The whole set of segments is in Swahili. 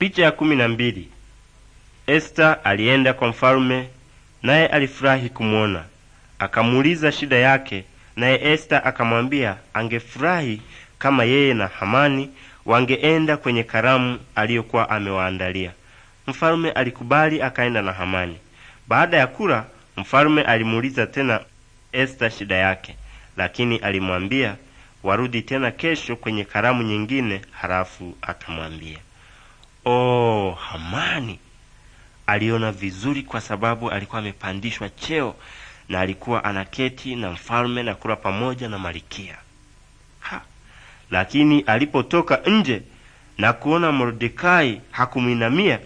Picha ya kumi na mbili. Esta alienda kwa mfalume, naye alifurahi kumwona. Akamuuliza shida yake, naye Esta akamwambia angefurahi kama yeye na Hamani wangeenda kwenye karamu aliyokuwa amewaandalia. Mfalume alikubali, akaenda na Hamani. Baada ya kula, mfalume alimuuliza tena Esta shida yake, lakini alimwambia warudi tena kesho kwenye karamu nyingine, halafu atamwambia Oh, Hamani aliona vizuri kwa sababu alikuwa amepandishwa cheo na alikuwa anaketi na mfalme na kula pamoja na malikia ha. Lakini alipotoka nje na kuona Mordekai hakumwinamia,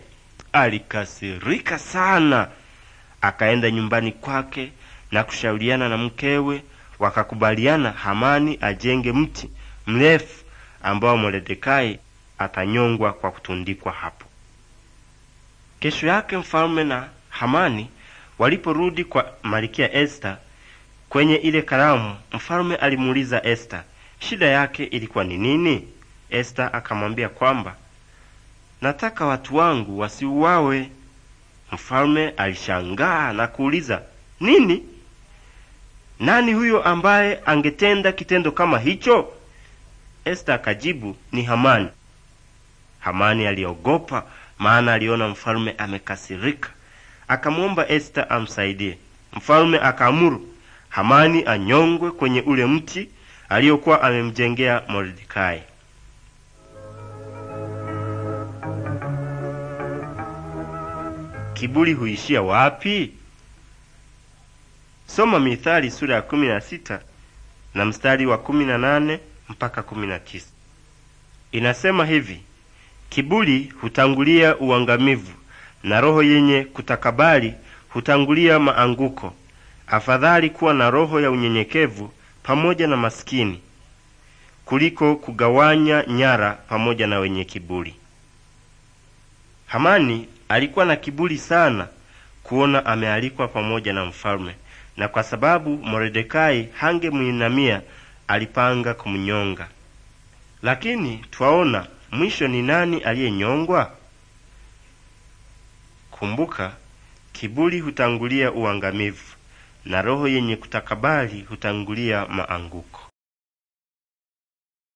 alikasirika sana. Akaenda nyumbani kwake na kushauriana na mkewe, wakakubaliana Hamani ajenge mti mrefu ambao Mordekai atanyongwa kwa kutundikwa hapo. Kesho yake mfalme na Hamani waliporudi kwa malikia Esta kwenye ile karamu, mfalme alimuuliza Esta shida yake ilikuwa ni nini. Esta akamwambia kwamba nataka watu wangu wasiuawe. Mfalme alishangaa na kuuliza nini? Nani huyo ambaye angetenda kitendo kama hicho? Esta akajibu ni Hamani. Hamani aliogopa, maana aliona mfalme amekasirika. Akamwomba Esta amsaidie. Mfalme akaamuru Hamani anyongwe kwenye ule mti aliyokuwa amemjengea Mordekai. Kiburi huishia wapi? Soma Mithali sura ya kumi na sita na mstari wa kumi na nane mpaka kumi na tisa. Inasema hivi: Kiburi hutangulia uangamivu na roho yenye kutakabali hutangulia maanguko. Afadhali kuwa na roho ya unyenyekevu pamoja na maskini kuliko kugawanya nyara pamoja na wenye kiburi. Hamani alikuwa na kiburi sana kuona amealikwa pamoja na mfalme, na kwa sababu hange mwinamia alipanga kumnyonga, lakini twaona mwisho ni nani aliyenyongwa? Kumbuka, kiburi hutangulia uangamivu na roho yenye kutakabali hutangulia maanguko.